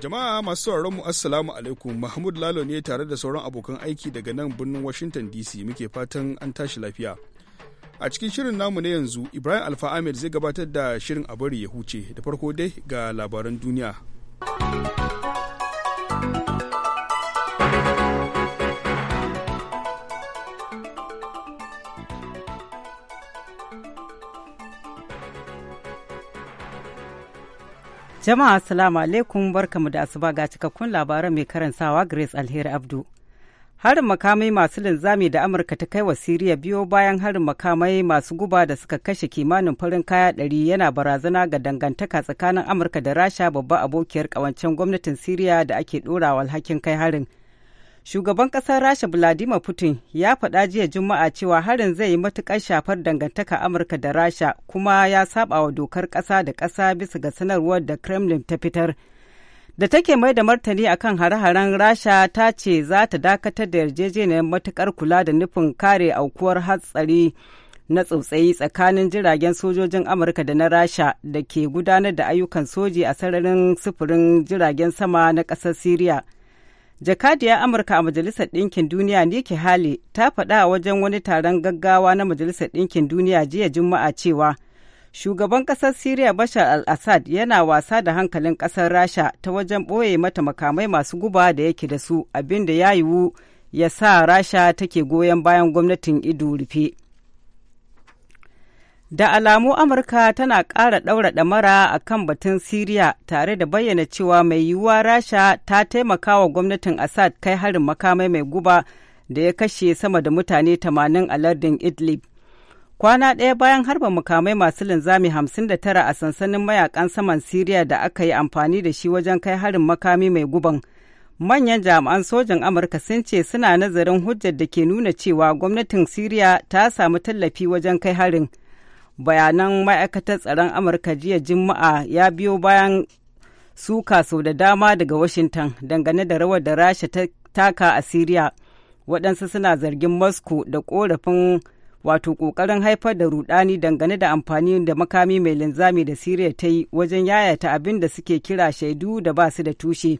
Jama'a masu sauraron mu Assalamu alaikum Mahmud Lalo ne tare da sauran abokan aiki daga nan birnin Washington DC muke fatan an tashi lafiya. A cikin shirin namu na yanzu Ibrahim Alfa Ahmed zai gabatar da shirin a bari ya huce da farko dai ga labaran duniya. Jama'a assalamu alaikum barkamu da asuba ga cikakkun labaran mai karantawa Grace Alheri Abdu. Harin makamai masu linzami da Amurka ta kai wa Siriya biyo bayan harin makamai masu guba da suka kashe kimanin farin kaya ɗari yana barazana ga dangantaka tsakanin Amurka da Rasha babba abokiyar ƙawancen gwamnatin Siriya da ake ɗorawa alhakin kai harin. Shugaban ƙasar Rasha Vladimir Putin ya faɗa jiya Juma'a cewa harin zai yi matukar shafar dangantaka Amurka da Rasha kuma ya saba wa dokar ƙasa da ƙasa bisa ga sanarwar da Kremlin ta fitar. Da take mai da martani akan hare-haren Rasha ta ce za ta dakatar da yarjejeniyar matukar kula da nufin kare aukuwar hatsari na tsautsayi tsakanin jiragen sojojin Amurka da na Rasha da ke gudanar da ayyukan soji a sararin sufurin jiragen sama na ƙasar Siriya. jakadiyar amurka a majalisar ɗinkin duniya nike hali ta faɗa a wajen wani taron gaggawa na majalisar ɗinkin duniya jiya juma'a cewa shugaban ƙasar siriya bashar al-assad yana wasa da hankalin ƙasar rasha ta wajen ɓoye mata makamai masu guba da yake da su abin da ya yiwu ya sa rasha take goyon bayan gwamnatin ido rufe Da alamu Amurka tana ƙara ɗaura ɗamara a kan batun Siriya tare da bayyana cewa mai yiwuwa Rasha ta taimaka wa gwamnatin Assad kai harin makamai mai guba da ya kashe sama da mutane 80 a lardin Idlib. Kwana ɗaya bayan harba makamai masu linzami 59 a sansanin mayakan saman Siriya da aka yi amfani da shi wajen kai harin makami mai guban. manyan jami'an sojin amurka sun ce suna nazarin hujjar da ke nuna cewa gwamnatin siriya ta samu tallafi wajen kai harin bayanan ma'aikatar tsaron amurka jiya juma'a ya biyo bayan suka sau da dama daga washington dangane da rawar da rasha ta taka a syria waɗansu suna zargin moscow da ƙorafin wato ƙoƙarin haifar da rudani dangane da amfani da makami mai linzami da syria ta yi wajen yayata abin da suke kira shaidu da ba su da tushe.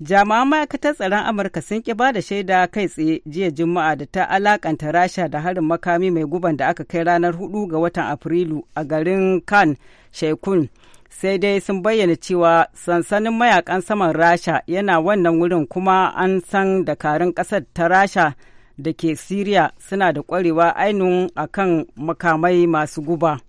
jami'an ma'aikatar tsaron amurka sun ki ba da shaida kai tsaye jiya juma'a da ta alakanta rasha da harin makami mai guban da aka kai ranar 4 ga watan afrilu a garin kan shaikun sai dai sun bayyana cewa sansanin mayakan saman rasha yana wannan wurin kuma an san dakarun kasar ta rasha da ke siriya suna da kwarewa ainihin akan makamai masu guba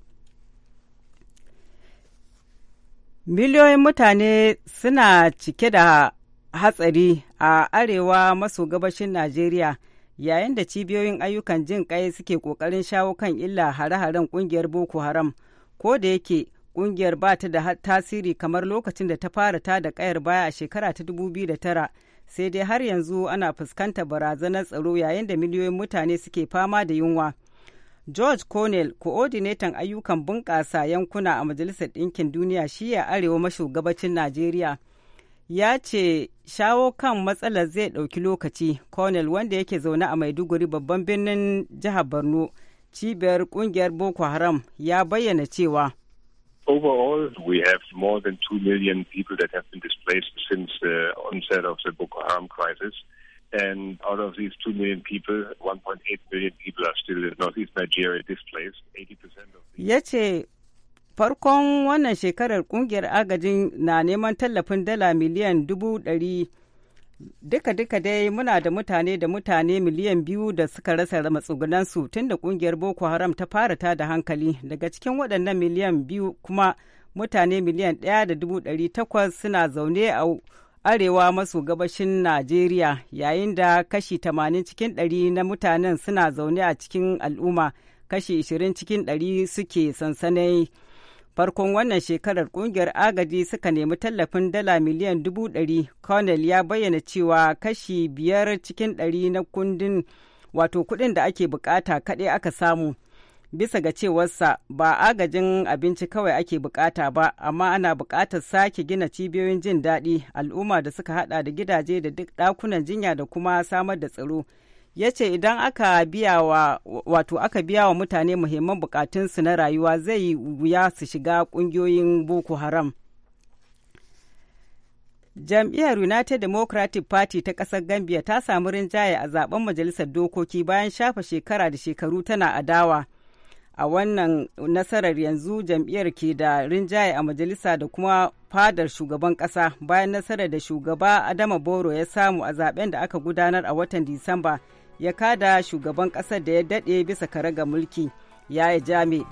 miliyoyin mutane suna cike da hatsari a arewa maso gabashin Najeriya yayin da cibiyoyin ayyukan jin kai suke ƙoƙarin shawo kan illa hare-haren ƙungiyar Boko Haram. Ko da yake ƙungiyar ba ta da tasiri kamar lokacin da ta fara ta da ƙayar baya a shekara ta 2009 sai dai har yanzu ana fuskanta barazanar tsaro yayin da miliyoyin mutane suke fama da yunwa. George Cornell, coordinator ayyukan bunƙasa yankuna a Majalisar Ɗinkin Duniya shi ya arewa maso gabacin Najeriya. ya ce shawo kan matsalar zai ɗauki lokaci cornell wanda yake zaune a maiduguri babban birnin jihar borno cibiyar kungiyar boko haram ya bayyana cewa Overall, we have more than 2 million people that have the onset the Boko Haram crisis. And out of these 2 million people, 1.8 million people are still in northeast Nigeria Ya ce farkon wannan shekarar kungiyar agajin na neman tallafin dala miliyan dubu ɗari duka-duka dai muna da mutane da mutane miliyan biyu da suka rasa matsugunansu tun da kungiyar boko haram ta fara ta da hankali daga cikin waɗannan miliyan biyu kuma mutane miliyan ɗaya da dubu ɗari takwas suna zaune a arewa maso gabashin najeriya yayin da kashi tamanin cikin ɗari na mutanen suna zaune a cikin al'umma kashi ishirin cikin ɗari suke sansanai farkon wannan shekarar kungiyar agaji suka nemi tallafin dala miliyan dubu ɗari cornell ya bayyana cewa kashi biyar cikin ɗari na kundin wato kuɗin da ake bukata kaɗai aka samu bisa ga cewarsa ba agajin abinci kawai ake bukata ba amma ana bukatar sake gina cibiyoyin jin daɗi al'umma da suka haɗa da gidaje da duk ɗakunan jinya da kuma samar da tsaro ya ce idan aka biya wa aka biya mutane muhimman bukatunsu na rayuwa zai wuya su shiga kungiyoyin boko haram jam'iyyar united democratic party ta ƙasar gambia ta samu rinjaye a zaben majalisar dokoki bayan shafa shekara da shekaru tana adawa a wannan nasarar yanzu jam'iyyar ke da rinjaye a majalisa da kuma fadar shugaban ƙasa bayan nasarar da shugaba adama boro ya samu a zaben da aka gudanar a watan disamba ya kada shugaban ƙasar da ya daɗe bisa karaga mulki yaya jami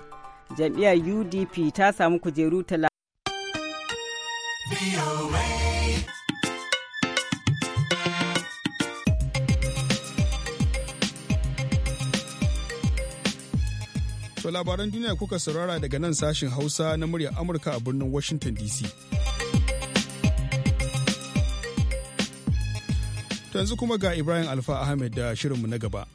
jam'iyyar udp ta samu kujeru tala To labaran duniya kuka saurara daga nan sashin Hausa na muryar Amurka a birnin Washington DC. yanzu kuma ga Ibrahim Alfa Ahmed da shirinmu na gaba.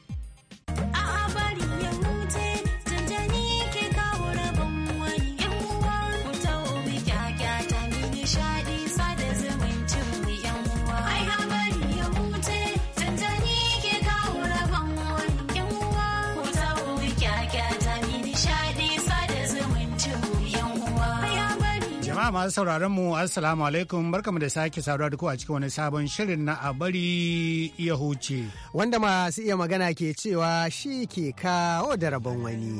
masu sauraron mu Assalamu alaikum barkamu da sake saduwa da ku a cikin wani sabon shirin na a bari iya huce. Wanda masu iya magana ke cewa shi ke kawo da rabon wani.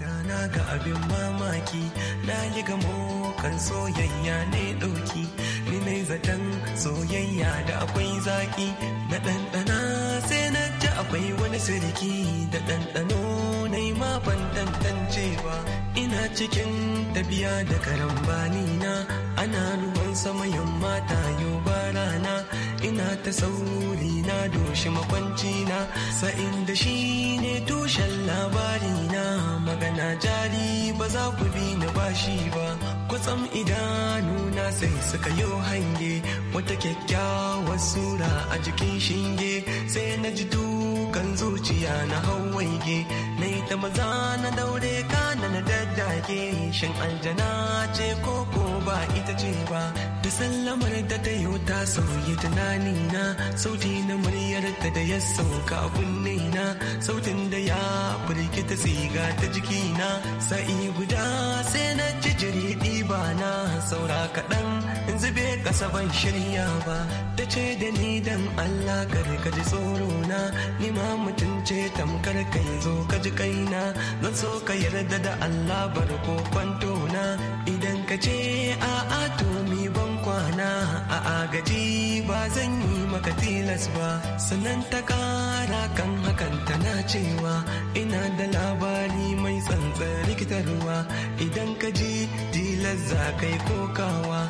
Dana ga abin mamaki na yi gamo kan soyayya ne ɗauki, ni mai zaton soyayya da akwai zaki na ɗanɗana akwai wani sirki da ɗanɗano na yi ban tantance ba ina cikin tafiya da karambani na ana ruwan sama yamma ta ba rana ina ta sauri na doshi makwanci na sa'in da shi ne tushen labari na magana jari ba za ku bi na bashi ba kwatsam idanuna sai suka yi hange wata kyakkyawar sura a jikin shinge sai na ji duk kan zuciya na hawaige na ta maza na daure ka na daddake shin aljana ce ko ko ba ita ce ba da sallamar da ta yi ta sauyi tunani na sauti na muryar ta da ya sauka abin kunne na sautin da ya burki ta siga ta jiki na sa'i guda sai na ji jiri ɗiba na saura kaɗan zube kasa ban shirya ba ta ce da ni dan Allah kar ka ji tsoro na ni ma mutum ce tamkar kai zo ka ji kaina zan so ka yarda da Allah bar ko kwanto na idan ka ce a to mi ban kwana a agaji ba zan yi maka tilas ba sannan ta kara kan hakan tana cewa ina da labari mai tsantsar rikitarwa idan ka ji tilas za kai kokawa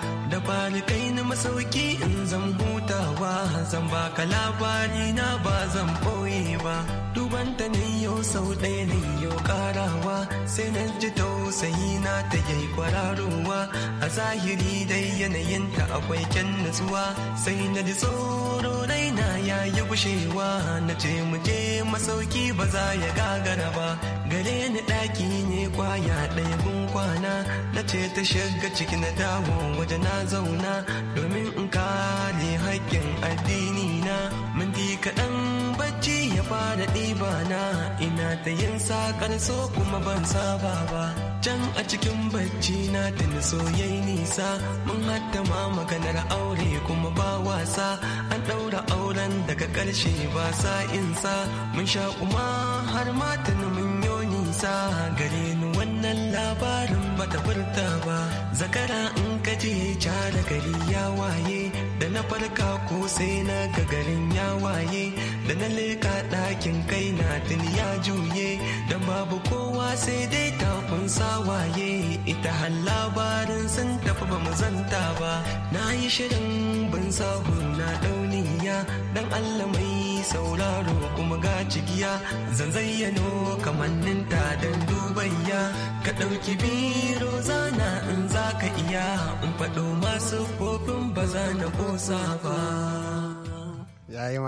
bani kai na masauki in zan hutawa zan ba ka labari na ba zan ɓoye ba dubanta ne yau sau ɗaya ne yau karawa sai na ji tausayi na ta yi kwararowa a zahiri dai yanayinta akwai kyan natsuwa sai na ji tsoro na yayi gushewa na ce masauki ba za ya gagara ba gare ni ɗaki ne kwaya ɗaya gun kwana na ce ta shiga ciki na dawo waje na zauna domin in kare haƙƙin addini na minti kaɗan fara ɗiba na ina ta yin sakar so kuma ban saba ba can a cikin bacci na tuni soyayi nisa mun hatta ma maganar aure kuma ba wasa an ɗaura auren daga ƙarshe ba sa insa mun sha kuma har ma ni mun yo nisa gare ni wannan labarin bata furta ba zakara in ka je cara gari ya waye da na farka ko sai na ga garin ya waye da na leka ɗakin kai na tuni ya juye don babu kowa sai dai tafin sawaye ita har labarin sun tafi ba mu zanta ba na yi shirin bin sahu na dauniya dan Allah mai sauraro kuma ga cigiya zan zayyano ta dan dubayya ka ɗauki biro zana in za ka iya in faɗo masu kofin ba za na ƙosa ba. Yayi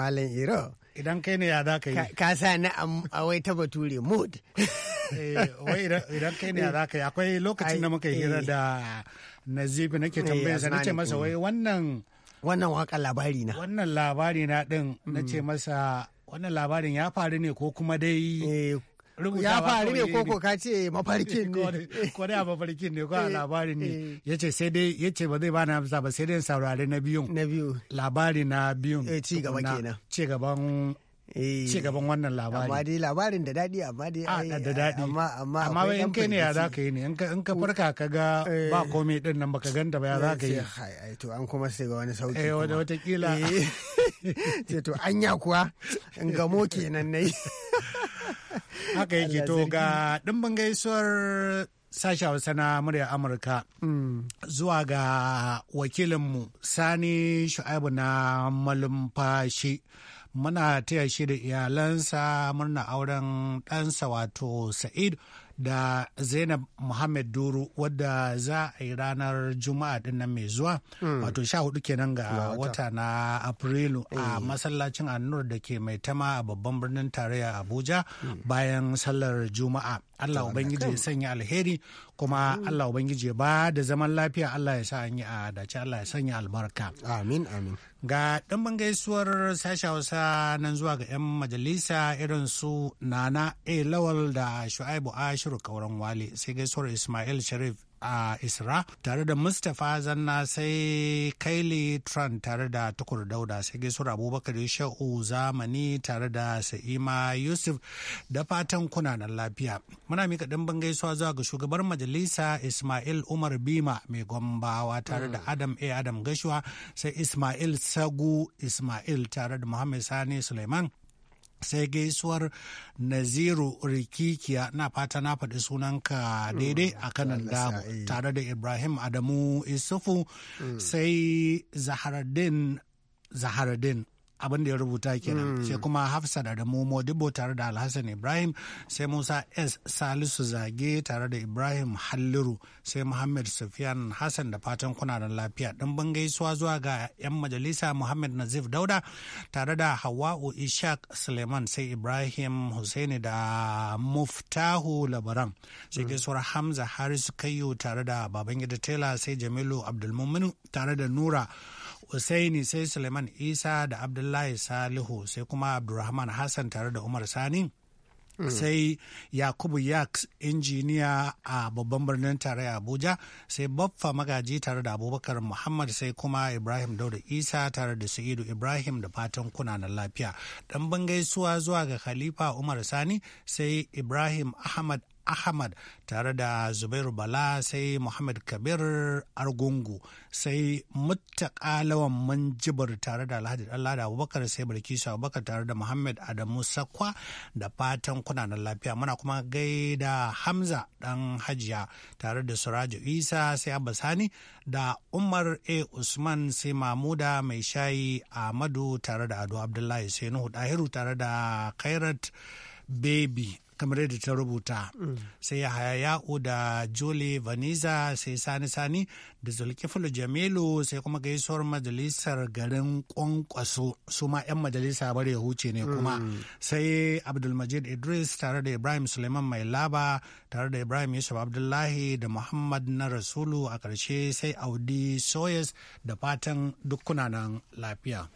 Iro. idan kai ne ya za ka yi ka sa na a wai ta bature mood eh, wai idan kai ne ya za ka yi akwai lokacin da muka hira eh. da nazibi nake tambayar sa nace masa wai wannan wannan waka labari na wannan labari na din nace mm. masa wannan labarin ya faru ne ko kuma dai eh, ya faru ne koko ka ce mafarkin ne ko da mafarkin ne ko a eh, labarin ne eh. yace sai dai yace ba zai bani amsa ba sai dai saurare na biyun na biyu labari na biyun eh ci gaba kenan ci gaban eh. ci gaban wannan labari amma dai labarin da dadi amma dai a ah, da dadi amma amma amma in kai ne ya za ka yi ne in ka farka ka ga ba komai din nan baka ganta ba ya za ka yi ai to an kuma sai ga wani sauki eh wata wata kila ce to anya kuwa in gamo kenan nayi haka yake to ga gaisuwar sashi hausa na muryar amurka mm. zuwa ga wakilinmu sani shu'aibu na malumfashi muna taya shi da iyalansa murna auren ɗansa wato sa'id da zainab muhammad duru wadda za a yi ranar juma'a din nan mai zuwa hmm. wato sha hudu kenan ga wata na afrilu a eh. masallacin annur da ke mai tama a babban birnin tarayya abuja hmm. bayan sallar juma'a Allah Ubangiji ya sanya alheri kuma Allah Ubangiji ya ba da zaman lafiya Allah ya sa an yi a dace Allah ya sanya albarka. Amin amin. Ga ɗan gaisuwar sashi Hausa nan zuwa ga 'yan majalisa irin su Nana A. Lawal da Shu'aibu Ashiru Kauran Wale sai gaisuwar Ismail Sharif a isra tare da mustapha zanna sai kaili tran tare da tukur dauda sai gaisuwar abubakar sha'u zamani tare da sa'ima yusuf da fatan kunanan lafiya muna mika dimbin gaisuwa zuwa ga shugabar majalisa ismail umar bima mai gombawa tare da hmm. adam a adam gashuwa sai ismail sagu ismail tare da muhammad sani suleiman sai gaisuwar naziru rikikiya na fata na faɗi sunanka hmm, daidai a kanan damu eh. tare da ibrahim adamu isufu hmm. sai zaharaddin zaharaddin abin da ya rubuta kenan hmm. sai kuma hafsa da mu modibo tare da alhassan ibrahim sai musa s salisu zage tare da ibrahim halliru sai muhammad sufyan hassan da fatan kuna da lafiya Ɗan gaisuwa zuwa ga 'yan majalisa muhammad nazif dauda tare da hawa'u ishaq suleiman sai ibrahim hussaini da muftahu labaran sai hmm. gaisuwar hamza Haris kayu tare da babangida tela sai jamilu abdulmuminu tare da nura Usaini sai Suleiman Isa da Abdullahi Salihu sai kuma Abdulrahman Hassan tare da Umar Sani. Hmm. sai yakubu yaks injiniya a babban birnin tare abuja sai baffa magaji tare da abubakar muhammad sai kuma ibrahim dauda isa tare da sa'idu ibrahim da fatan kuna kunanan lafiya dan Bangaisuwa zuwa ga khalifa umar sani sai ibrahim ahmad Ahmad tare da Zubairu Bala sai Muhammad Kabir Argungu sai Muttaka Lawan tare da Alhaji Allah da Abubakar sai Barkisu Abubakar tare da Muhammad Adamu Sakwa da fatan kunanan lafiya muna kuma gaida Hamza dan Hajiya tare da Suraju Isa sai Abba Sani da Umar A Usman sai Mamuda Mai Shayi Ahmadu tare da Ado Abdullahi sai Nuhu Dahiru tare da Kairat Baby kamar yadda ta rubuta mm. sai ya haya ya'u da jole vaniza sai sani sani da zulkifilu jamilu sai kuma gaisuwar majalisar garin kwankwaso su ma 'yan majalisa bare huce ne kuma mm. sai abdulmajid idris tare da ibrahim suleiman mai laba tare da ibrahim yusuf abdullahi da muhammad na rasulu a ƙarshe sai audi soyes da fatan dukkuna nan lafiya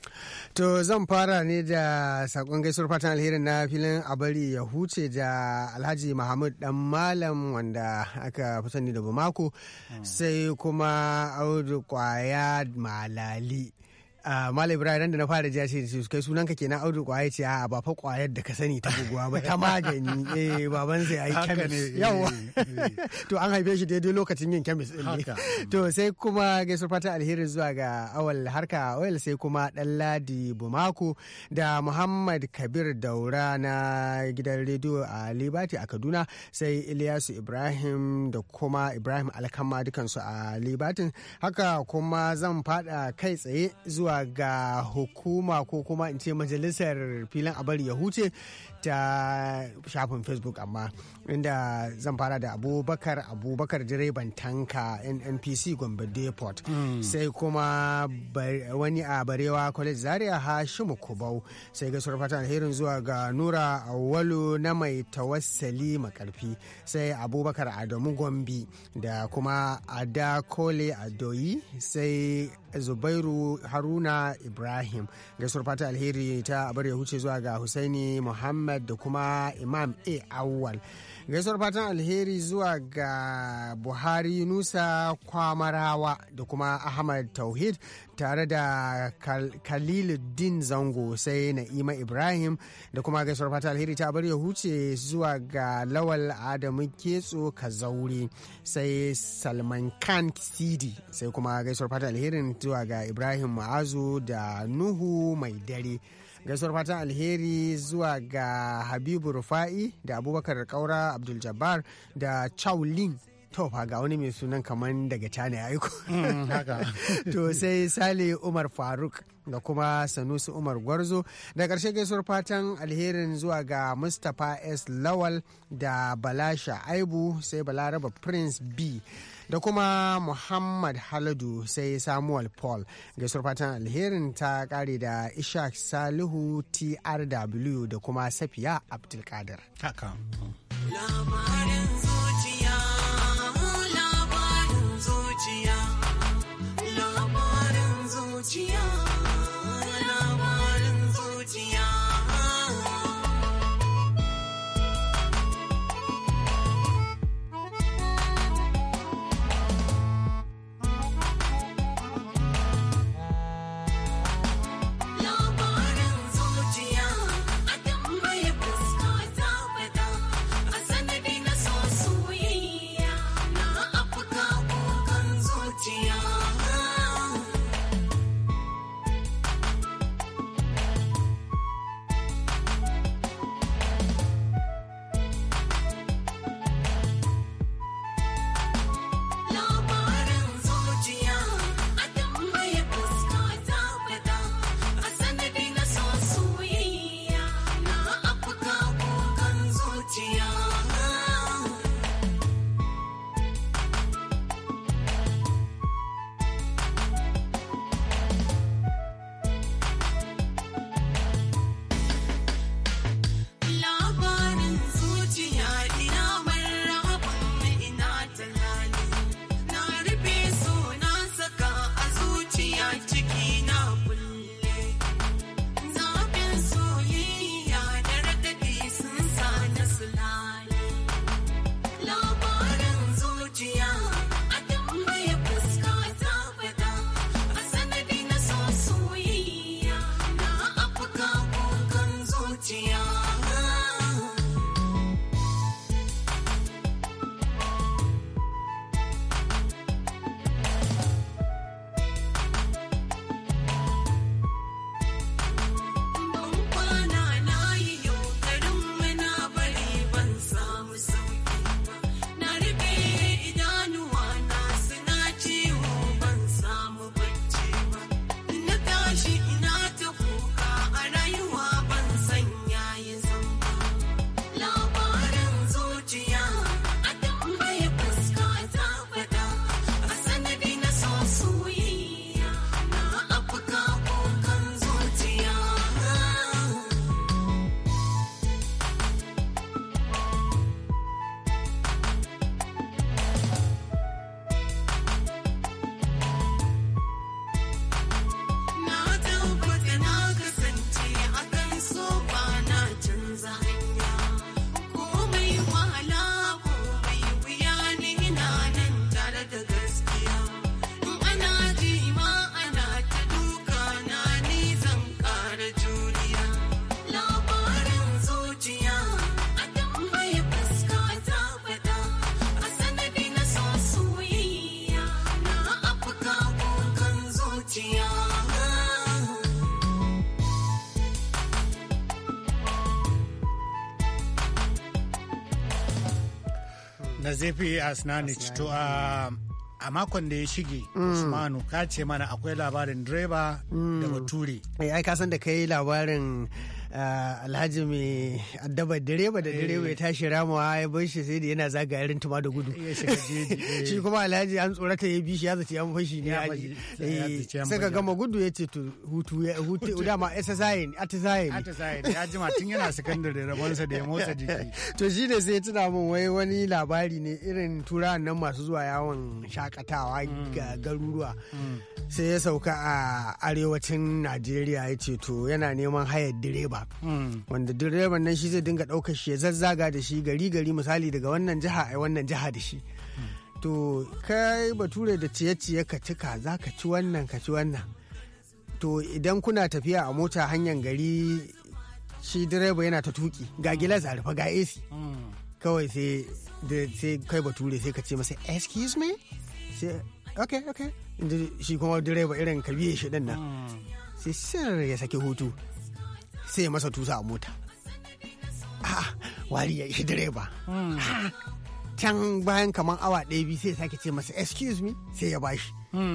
to zan fara ne da sakon gaisuwar fatan alherin na filin abari ya huce da alhaji muhammad dan malam wanda aka fi sani da bamako mm. sai kuma kuma audu kwaya malali Ah, malai Ibrahim da na fara jiya ce su kai sunan ka kenan Audu kwaye ce a ba fa kwayar da ka sani ta buguwa ba ta magani eh baban sai ai kemis eh, yawa eh. to an haife shi daidai lokacin yin kemis din ne to sai kuma gaisuwar fata alheri zuwa ga awal harka oil sai kuma dan Ladi Bumako da Muhammad Kabir Daura na gidan rediyo a Libati a Kaduna sai iliyasu Ibrahim da kuma Ibrahim Alkama dukansu a Libatin haka kuma zan fada kai tsaye zuwa zuwa ga hukuma ko kuma in ce majalisar filin abar ya huce ta shafin facebook amma inda zan fara da abubakar abubakar direban tanka npc gombe depot hmm. sai kuma wani a barewa college zaria hashimu kubau sai ga fatan alherin zuwa ga nura awalu na mai tawassali makarfi sai abubakar adamu gombi da kuma ada kole adoyi sai zubairu haruna ibrahim ga fatan alheri ta abar ya huce zuwa ga husaini muhammad ahmad da kuma imam a awwal gaisuwar fatan alheri zuwa ga buhari nusa kwamarawa da kuma ahmad tauhid tare da khaliluddin zango sai na'ima ibrahim da kuma gaisuwar fatan alheri ta bari ya huce zuwa ga lawal adamu ketso kazauri sai salman khan sidi sai kuma gaisuwar fatan alherin zuwa ga ibrahim ma'azu da nuhu mai dare gaisuwar fatan alheri zuwa ga habibu rufa'i da abubakar kaura abdul jabbar da chaulin tofa ga wani mai sunan kamar daga tana ya aiko mm, to sai sale umar faruk da kuma sanusi umar gwarzo da ƙarshe gaisuwar fatan alherin zuwa ga mustapha s lawal da balasha aibu sai balaraba prince b da kuma Muhammad Haladu sai Samuel Paul. ga fatan alherin ta kare da ishak Salihu TRW da kuma Safiya Abdulkadir. Haka. na zafi asnani to um, a makon da ya shige mm. usmanu ka ce mana akwai labarin direba da mature mm. eh, ai ka san da kai labarin Ah, alhaji mai addaba direba da direba eh. ya tashi ramawa ya bar shi sai da yana zaga irin tuma da gudu shi kuma alhaji an tsorata ya bi shi ya zaci yan fashi ne ya sai eh, ka gama gudu ya ce hutu ya hutu dama exercise ne atisaye ne atisaye ne ya ma tun yana sakandare rabonsa da ya motsa jiki to shi ne sai tuna min wai wani labari ne irin turawan nan masu zuwa yawon shakatawa mm. ga garuruwa mm. sai ya sauka a arewacin najeriya ya ce to yana neman hayar direba Hmm. wanda direban nan shi zai dinga ɗaukar shi ya zazzaga da shi gari gari misali daga wannan jiha a wannan jiha da shi hmm. to kai bature da ciye-ciye ka cika za ka ci wannan ka ci wannan to idan kuna tafiya a mota hanyar gari shi direba yana ta tuki ga hmm. gilas a rufe ga AC kawai sai sai kai bature sai ka ce masa excuse me sai okay okay shi kuma direba irin ka biye shi din nan sai sirri ya saki hutu sai ya masa tusa a mota ah, wari ya yi direba hmm. can bayan kamar awa ɗaya biyu sai sake ce masa excuse me sai ya bashi hmm.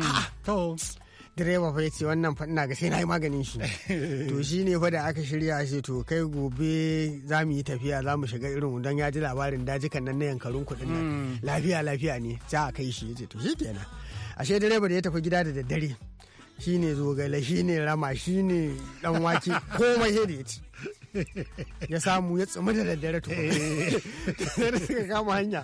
direba fa ya ce wannan fa ga sai na yi maganin shi to shi ne fa da aka shirya shi to kai gobe za mu yi tafiya za mu shiga irin don ya ji labarin dajikan nan na yankarun kuɗin nan hmm. lafiya lafiya ne za a kai shi ya ce to shi kenan ashe direba da ya tafi gida da daddare shine zogale shine rama shine dan wake komai sai da ya ci ya samu ya tsumi da daddare to eh. da suka kama hanya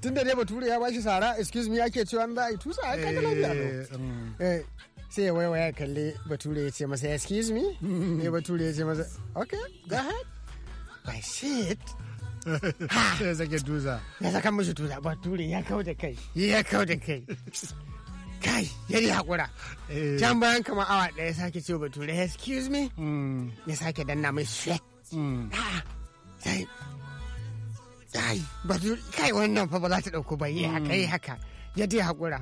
tun da dai bature ya bashi sara excuse me ake cewa za a yi tusa a kaga lafiya eh, um. eh, sai ya waiwaya kalle bature ya ce masa excuse me ne bature ya ce masa okay go ahead I said ya sake tusa ya saka mishi tusa bature ya kau da kai ya kau da kai kai yadda hakura eh. can bayan kama awa ɗaya sake ce bature excuse me hmm. ya sake danna mai shek hmm. ah, sai ai bature kai wannan fa ba za ta ɗauko ba yi haka yi hmm. haka yadda hakura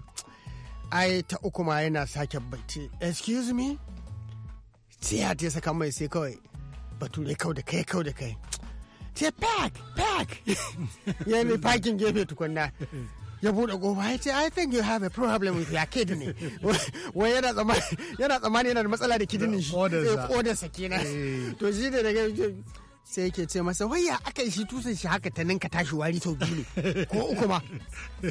ai ta uku ma yana sake bacci excuse me sai ya ta saka mai sai kawai bature kau da kai kau da kai ce pack pack ya mai gefe tukunna ya buɗe ƙofa ya ce I think you have a problem with your kidney wai yana tsammani yana tsammani yana da matsala da kidney shi kodarsa eh, kenan eh. to shi da daga sai yake ce masa waya aka yi shi tusan shi haka ta ninka tashi wari sau biyu ne ko uku ma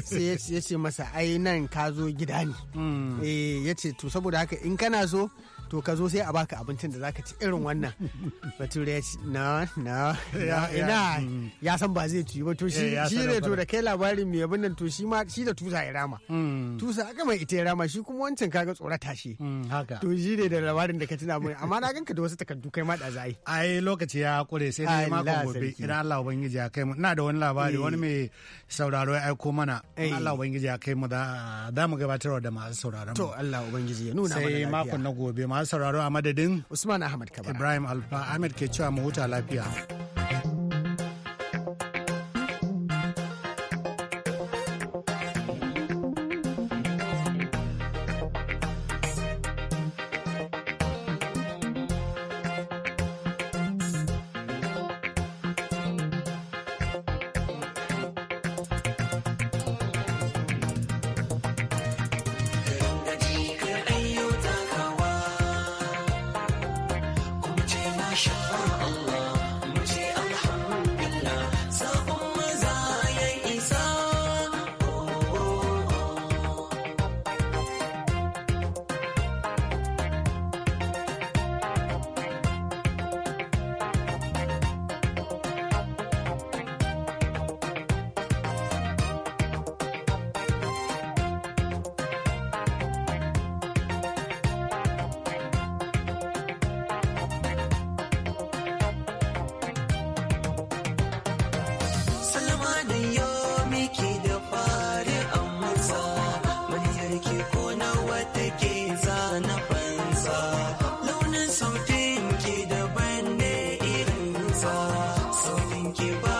sai ya ce masa ai nan ka zo gida ne hmm. eh, ya ce to saboda haka in kana so to ka zo sai a baka abincin da zaka ci irin wannan bature ya ci na na ina mm. ya san ba zai ci ba to shi eh, ne to da kai labarin mai abin nan to shi ma shi da tusa ya rama mm. tusa aka mai ita ya rama shi kuma wancan kaga tsorata shi mm, to shi ne da labarin da ka tuna mun amma na ganka da wasu takardu kai ma da zai ai lokaci ya kure sai dai ko gobe idan Allah ubangiji ya kai mu ina da wani labari wani eh. mai sauraro ya aiko mana eh. Allah ubangiji ya kai mu da mu gabatarwa da masu sauraron mu to Allah ubangiji ya nuna mana sai makon na gobe ma sauraro a madadin Usman Ahmad Kabara. Ibrahim Alfa Ahmed ke cewa mu huta lafiya. Thank you.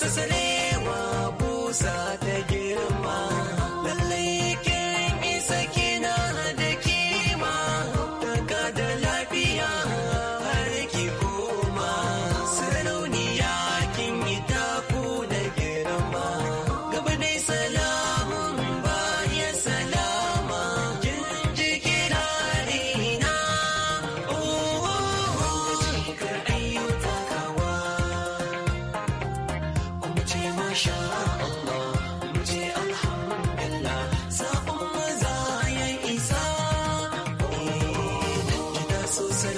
entonces el so sad.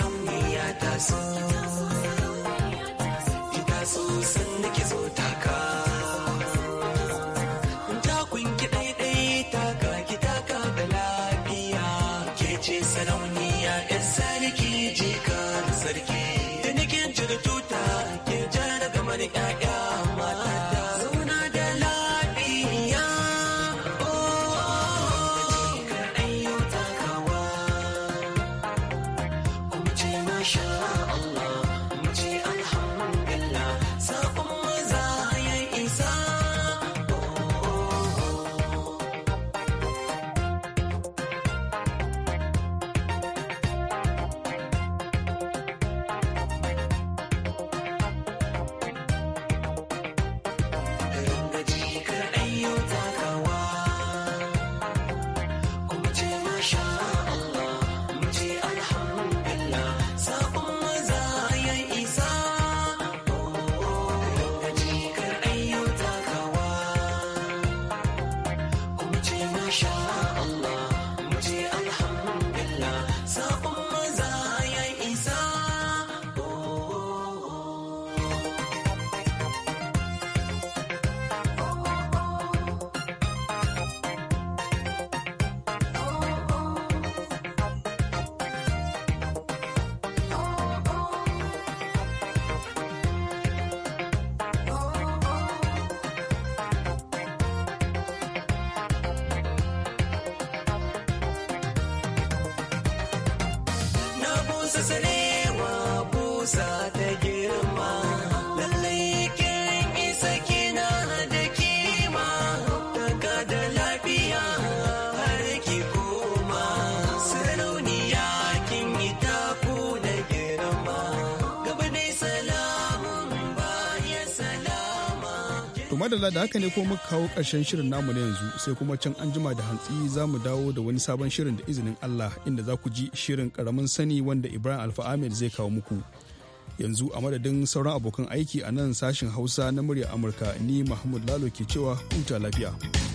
madalla da haka ne ko muka kawo ƙarshen shirin namu na yanzu sai kuma can anjima da hantsi za mu dawo da wani sabon shirin da izinin Allah inda za ku ji shirin karamin sani wanda Ibrahim Alfa Ahmed zai kawo muku. Yanzu a madadin sauran abokan aiki a nan sashin Hausa na murya Amurka ni Mahmud Lalo ke cewa huta lafiya.